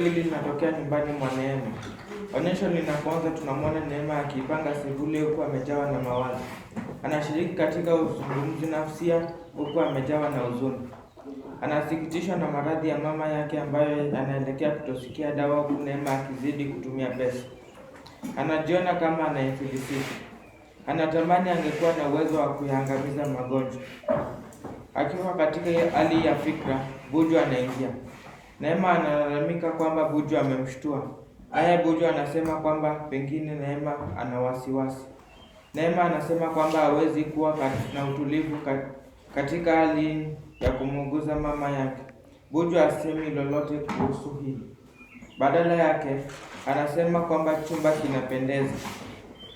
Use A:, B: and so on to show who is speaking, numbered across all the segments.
A: Hili linatokea nyumbani mwa Neema. Onyesho linapoanza tunamwona Neema akiipanga sebule huku amejawa na mawazo. Anashiriki katika uzungumzi nafsia huku amejawa na huzuni. Anasikitishwa na maradhi ya mama yake ambayo anaelekea kutosikia dawa huku Neema akizidi kutumia pesa. Anajiona kama anayefilisika. Anatamani angekuwa na uwezo wa kuyaangamiza magonjwa. Akiwa katika hali ya fikra, Buju anaingia. Neema analalamika kwamba Buju amemshtua. Aya, Buju anasema kwamba pengine Neema ana wasiwasi. Neema anasema kwamba hawezi kuwa na utulivu katika hali ya kumuuguza mama yake. Buju asemi lolote kuhusu hili, badala yake anasema kwamba chumba kinapendeza.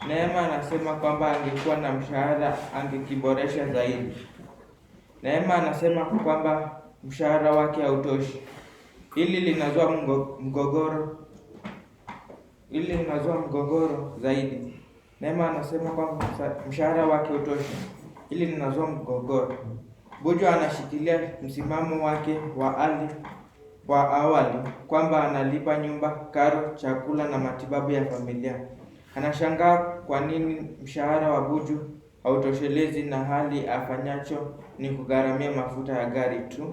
A: Neema anasema kwamba angekuwa na mshahara angekiboresha zaidi. Neema anasema kwamba mshahara wake hautoshi. Hili linazua mgogoro hili linazua mgogoro zaidi. Neema anasema kwamba mshahara wake utoshi. Hili linazua mgogoro. Buju anashikilia msimamo wake wa ali wa awali kwamba analipa nyumba, karo, chakula na matibabu ya familia. Anashangaa kwa nini mshahara wa Buju hautoshelezi na hali afanyacho ni kugharamia mafuta ya gari tu.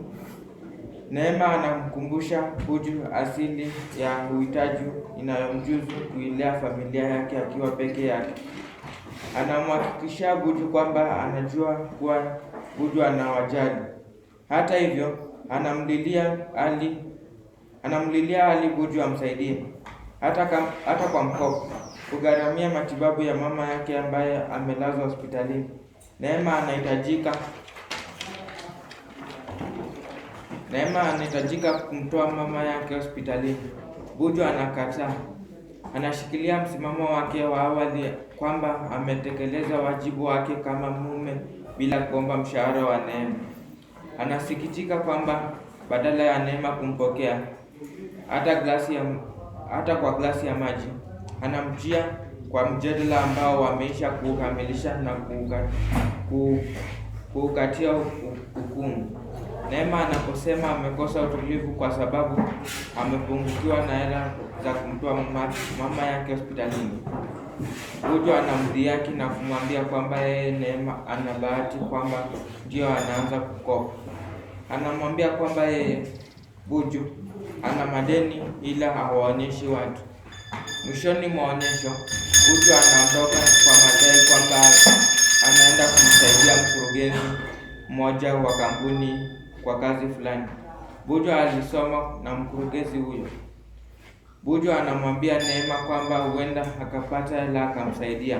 A: Neema anamkumbusha Buju asili ya uhitaji inayomjuzu kuilea familia yake akiwa peke yake. Anamhakikishia Buju kwamba anajua kuwa Buju anawajali. Hata hivyo, anamlilia Ali, anamlilia Ali Buju amsaidie hata, hata kwa mkopo kugharamia matibabu ya mama yake ambaye amelazwa hospitalini. Neema anahitajika Neema anahitajika kumtoa mama yake hospitalini. Buju anakataa. Anashikilia msimamo wake wa awali kwamba ametekeleza wajibu wake kama mume bila kuomba mshahara wa Neema. Anasikitika kwamba badala ya Neema kumpokea hata glasi ya, hata kwa glasi ya maji anamjia kwa mjadala ambao wameisha kuukamilisha na kuukatia hukumu. Neema anaposema amekosa utulivu kwa sababu amepungukiwa na hela za kumtoa mama yake hospitalini. Ujo anamdhihaki na kumwambia kwamba yeye Neema ana bahati kwamba ndio anaanza kukopa. Anamwambia kwamba yeye Buju ana madeni ila hawaonyeshi watu. Mwishoni mwa onyesho, Buju anaondoka kwa madai kwamba anaenda kumsaidia mkurugenzi mmoja wa kampuni kwa kazi fulani. Bujo alisoma na mkurugenzi huyo. Bujo anamwambia Neema kwamba huenda akapata hela akamsaidia.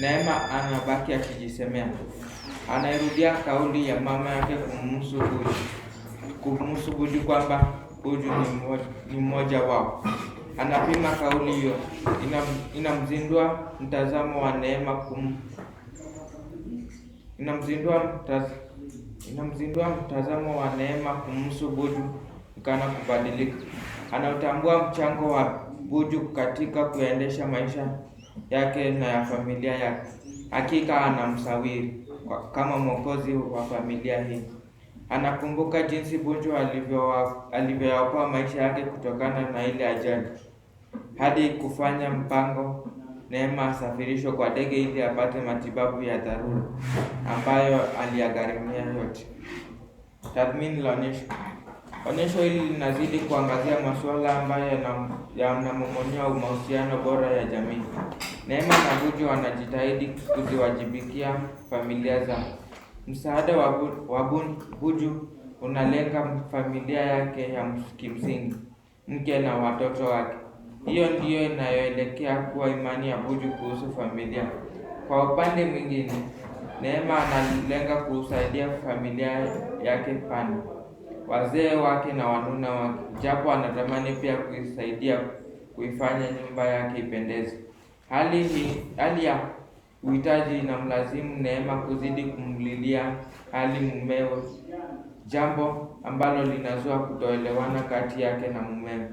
A: Neema anabaki akijisemea, anairudia kauli ya mama yake kumhusu Buju, kumhusu Buju kwamba Buju ni mmoja wao. Anapima kauli hiyo, inamzindua mtazamo wa Neema kum inamzindua mtazamo inamzindua mtazamo wa neema kumhusu Buju kana kubadilika. Anautambua mchango wa Buju katika kuendesha maisha yake na ya familia yake. Hakika anamsawiri kama mwokozi wa familia hii. Anakumbuka jinsi Buju alivyoyaokoa maisha yake kutokana na ile ajali hadi kufanya mpango Neema asafirishwe kwa ndege ili apate matibabu ya dharura ambayo aliyagharimia yote. Tathmini la onyesho. Onyesho hili linazidi kuangazia masuala ambayo yanamomonyoa mahusiano bora ya jamii. Neema na Buju wanajitahidi kuziwajibikia familia zao. Msaada wa Buju unalenga familia yake ya kimsingi, mke na watoto wake. Hiyo ndiyo inayoelekea kuwa imani ya Buju kuhusu familia. Kwa upande mwingine, Neema analenga kusaidia familia yake pana, wazee wake na wanuna wake, japo anatamani pia kuisaidia kuifanya nyumba yake ipendeze. Hali hii hali ya uhitaji inamlazimu Neema kuzidi kumlilia hali mumewe, jambo ambalo linazua kutoelewana kati yake na mumewe.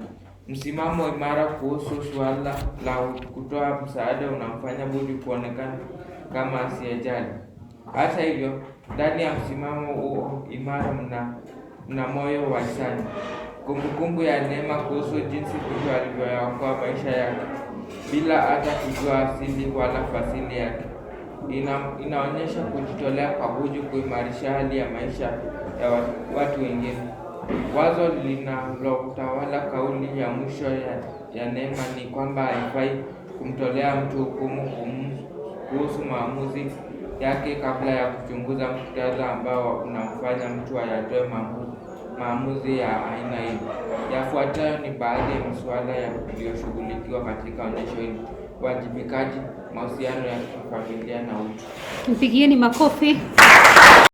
A: Msimamo imara kuhusu suala la kutoa msaada unamfanya Budi kuonekana kama asiyejali. Hata hivyo, ndani ya msimamo huo imara mna, mna moyo wa hisani, kumbukumbu ya neema kuhusu jinsi Budi alivyoyaokoa maisha yake bila hata kujua asili wala fasili yake. Ina, inaonyesha kujitolea kwa buju kuimarisha hali ya maisha ya watu wengine. Wazo linalotawala kauli ya mwisho ya Neema ni kwamba haifai kumtolea mtu hukumu kuhusu maamuzi yake kabla ya kuchunguza muktadha ambao unamfanya mtu ayatoe maamuzi ya aina hiyo. Yafuatayo ni baadhi ya masuala yaliyoshughulikiwa katika onyesho hili: uwajibikaji, mahusiano ya kifamilia na utu.
B: Mpigieni makofi.